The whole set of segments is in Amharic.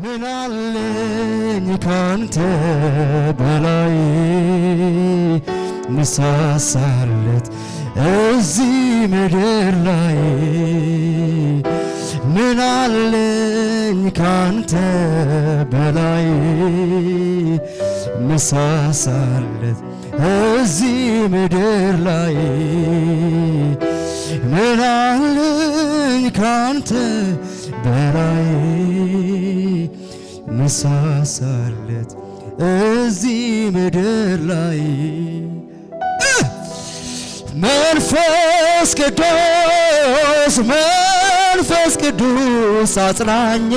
ምናለኝ ካንተ በላይ ምሳሳለት እዚህ ምድር ላይ ምናለኝ ካንተ በላይ ምሳሳለት እዚህ ምድር ላይ ምናለኝ ካንተ በራዬ መሳሳለት እዚህ ምድር ላይ መንፈስ ቅዱስ መንፈስ ቅዱስ አጽናኜ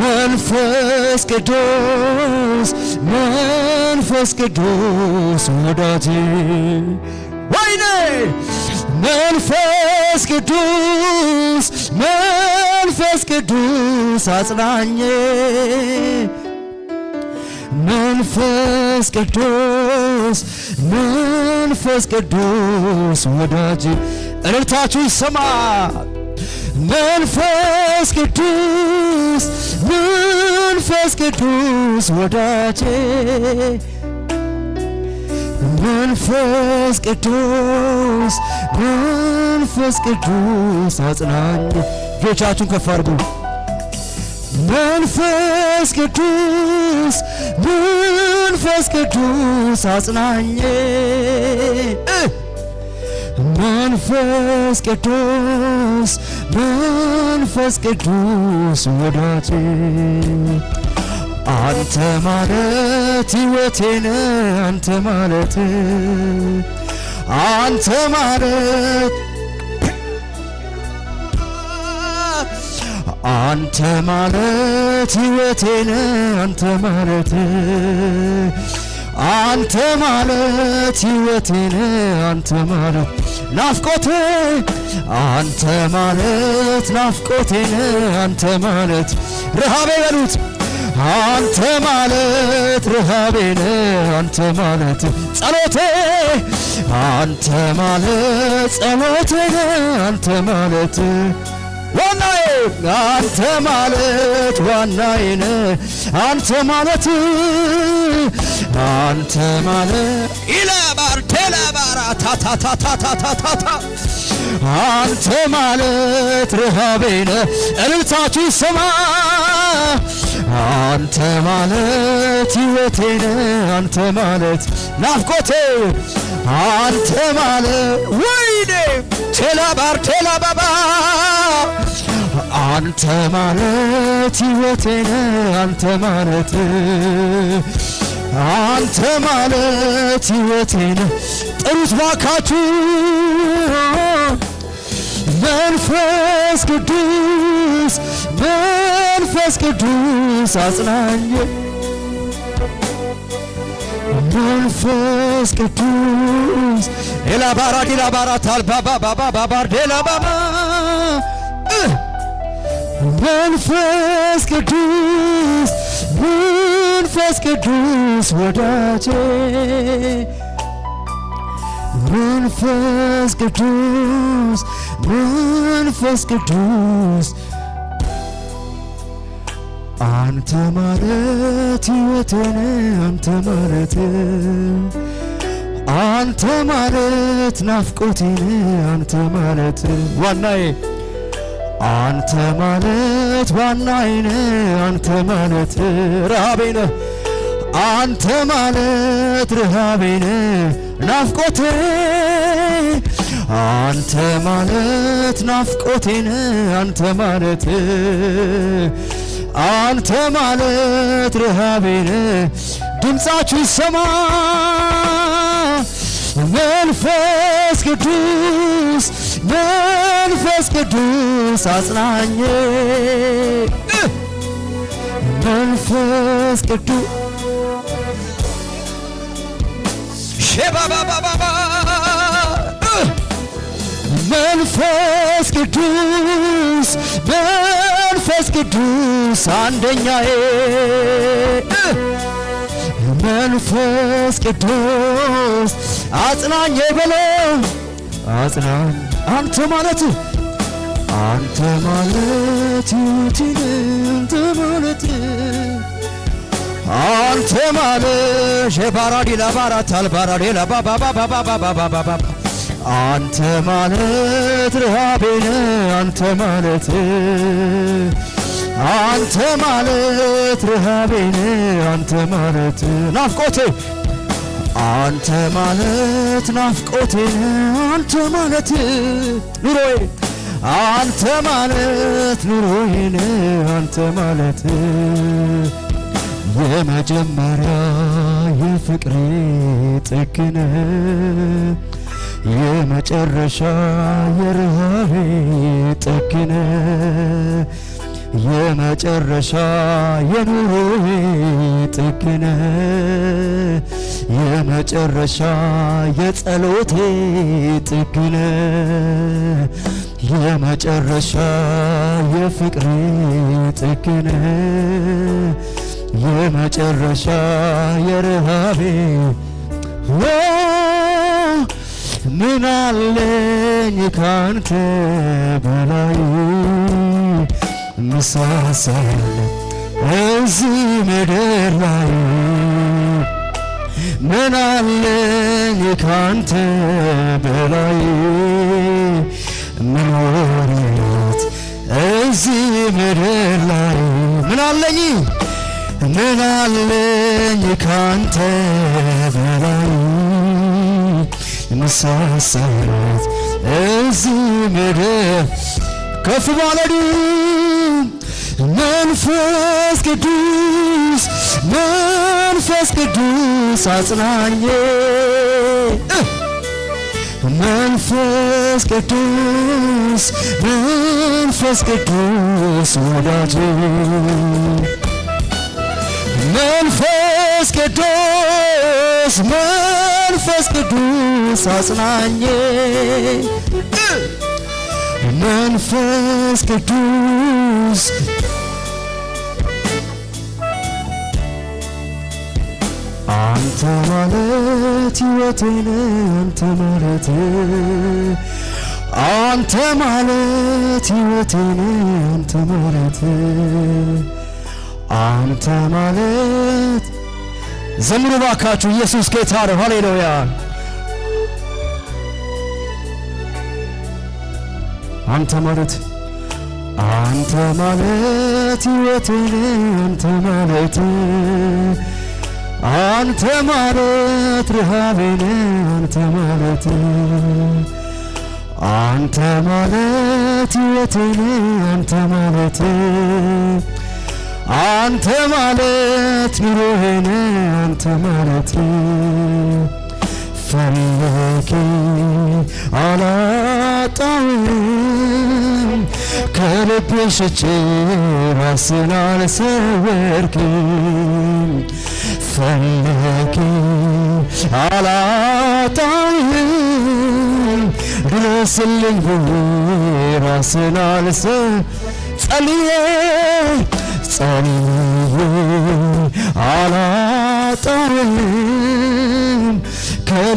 መንፈስ ቅዱስ መንፈስ ቅዱስ ወዳጄ ወይኔ መንፈስ ቅዱስ መንፈስ ቅዱስ አጽናኘ መንፈስ ቅዱስ መንፈስ ቅዱስ ወዳጅ እልልታችሁ ይሰማ። መንፈስ ቅዱስ መንፈስ ቅዱስ ወዳጄ መንፈስ ቅዱስ መንፈስ ቅዱስ አጽናኝ። እጆቻችሁን ከፍ አድርጉ። መንፈስ ቅዱስ መንፈስ ቅዱስ አጽናኝ። መንፈስ ቅዱስ መንፈስ ቅዱስ ወዳጄ አንተ ማለት ሕይወቴን አንተ ማለት አንተ ማለት አንተ ማለት ሕይወቴን አንተ ማለት አንተ ማለት ሕይወቴን አንተ ማለት ናፍቆቴ አንተ ማለት ናፍቆቴን አንተ ማለት ረሃቤ በሉት አንተ ማለት ረሃቤን አንተ ማለት ጸሎቴ አንተ ማለት ጸሎቴ አንተ ማለት አንተ ማለት ዋናዬን አንተ ማለት አንተ ማለት ኢላባር ቴላባራ ታታታታታታታ አንተ ማለት ረሃቤን እልልታችሁ ይሰማ አንተ ማለት ሕይወቴን አንተ ማለት ናፍቆቴ አንተ ማለት ወይኔ ቴላባር ቴላባባ አንተ ማለት ህይወቴ ሕይወቴነ አንተ ማለት አንተ ማለት ህይወቴ ሕይወቴነ ጥሩት ባካችሁ መንፈስ ቅዱስ መንፈስ ቅዱስ አጽናኝ መንፈስ ቅዱስ ኤላባራ ዲላባራ ታልባባባባባር ዴላባባ መንፈስ ቅዱስ መንፈስ ቅዱስ ወዳጄ መንፈስ ቅዱስ መንፈስ ቅዱስ አንተ ማለት ሕይወቴን አንተ ማለት አንተ ማለት ናፍቆቴን አንተ ማለት ዋናዬ አንተ ማለት ዋናይነ አንተ ማለት ረሃቤነ አንተ ማለት ረሃቤነ ናፍቆቴ አንተ ማለት ናፍቆቴነ አንተ ማለት አንተ ማለት ረሃቤነ ድምፃችሁ ይሰማ መንፈስ ቅዱስ መንፈስ ቅዱስ አጽናኝ መንፈስ ቅዱስ መንፈስ ቅዱስ መንፈስ ቅዱስ አንደኛዬ መንፈስ ቅዱስ አጽናኝ በለው አጽና አንተ ማለት አንተ ማለት አንተ ትሙልት አንተ ማለት ሸባራዲ ለባራት አልባራዲ ለባባባባባባባባባ አንተ ማለት ረሃቤን አንተ ማለት አንተ ማለት ረሃቤን አንተ ማለት ናፍቆቴ አንተ ማለት ናፍቆቴ፣ አንተ ማለት ኑሮዬ፣ አንተ ማለት ኑሮዬ፣ አንተ ማለት የመጀመሪያ የፍቅሬ ጥግነ የመጨረሻ የርሃቤ ጥግነ የመጨረሻ የኑሮዬ ጥግነ የመጨረሻ የጸሎቴ ጥግነ የመጨረሻ የፍቅሬ ጥግነ የመጨረሻ የረሃቤ አለኝ ካንተ በላይ ምሳሳለ እዚህ ምድር ላይ ምን አለኝ ካንተ በላይ መኖርት እዚህ ምድር ላይ ምን አለኝ ምን አለኝ ካንተ በላይ መሳሳት እዚህ ምድር ከፍ መንፈስ ቅዱስ መንፈስ ቅዱስ አጽናኝ መንፈስ ቅዱስ መንፈስ ቅዱስ ወዳጅ መንፈስ ቅዱስ መንፈስ ቅዱስ አጽናኝ መንፈስ ቅዱስ Blues. አንተ ማለት ሕይወቴ ነህ አንተ ማለት አንተ ማለት ሕይወቴ ነህ አንተ ማለት አንተ ማለት ዘምሩ ባካችሁ ኢየሱስ ጌታ ነው። ሃሌሉያ አንተ ማለት አንተ ማለት ሕይወቴ አንተ ማለት አንተ ማለት ረሃቤን አንተ ማለት አንተ ማለት ሕይወቴ አንተ ማለት አንተ ማለት ኑሮዬን አንተ ማለት ፈለጌ አላጣውም ከልቤ ሸቼ ራስን አልሰወርክም፣ ፈለጌ አላጣይም፣ ድረስልኝ ራስን አልሰ ጸልዬ ጸልዬ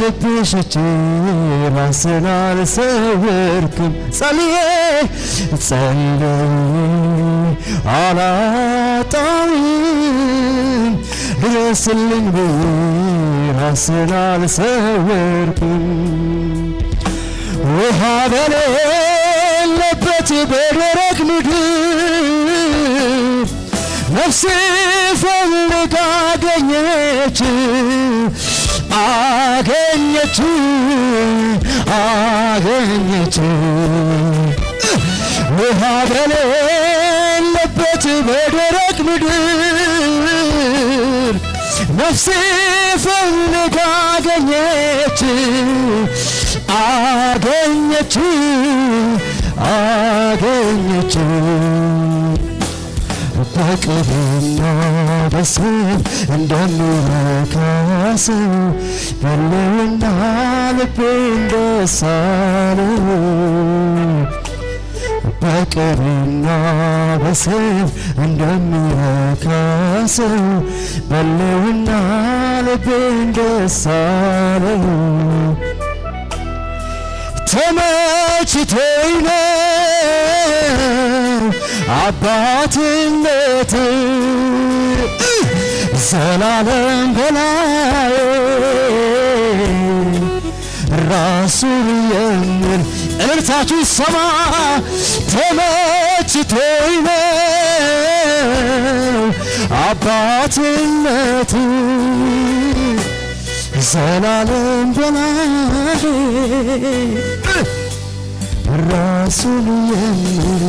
ከልብሽ እጅ ራስን አልሰወርክም። ጸልዬ ጸልዬ አላጣዊም ድረስልኝ ራስን አልሰወርክም። ውሃ በሌለበት በደረቅ ምድር ነፍሴ ፈልጋ አገኘች አገኘቱ አገኘች ውሃ በሌለበት በደረቅ ምድር ነፍሴ ፈልጋ አገኘች አገኘች አገኘች በቅርና በሰይፍ እንደሚረካ ሰው በሌውና ልቤ እንደሳለው በቅርና በሰይፍ እንደሚረካ ሰው ልቤ እንደሳለው ተመችቶኝ ነው አባትነት ዘላለም በላይ ራሱን የሚል እልልታችሁ ሰማ ተመችቶኝ ነው አባትነት ዘላለም በላይ ራሱን የሚል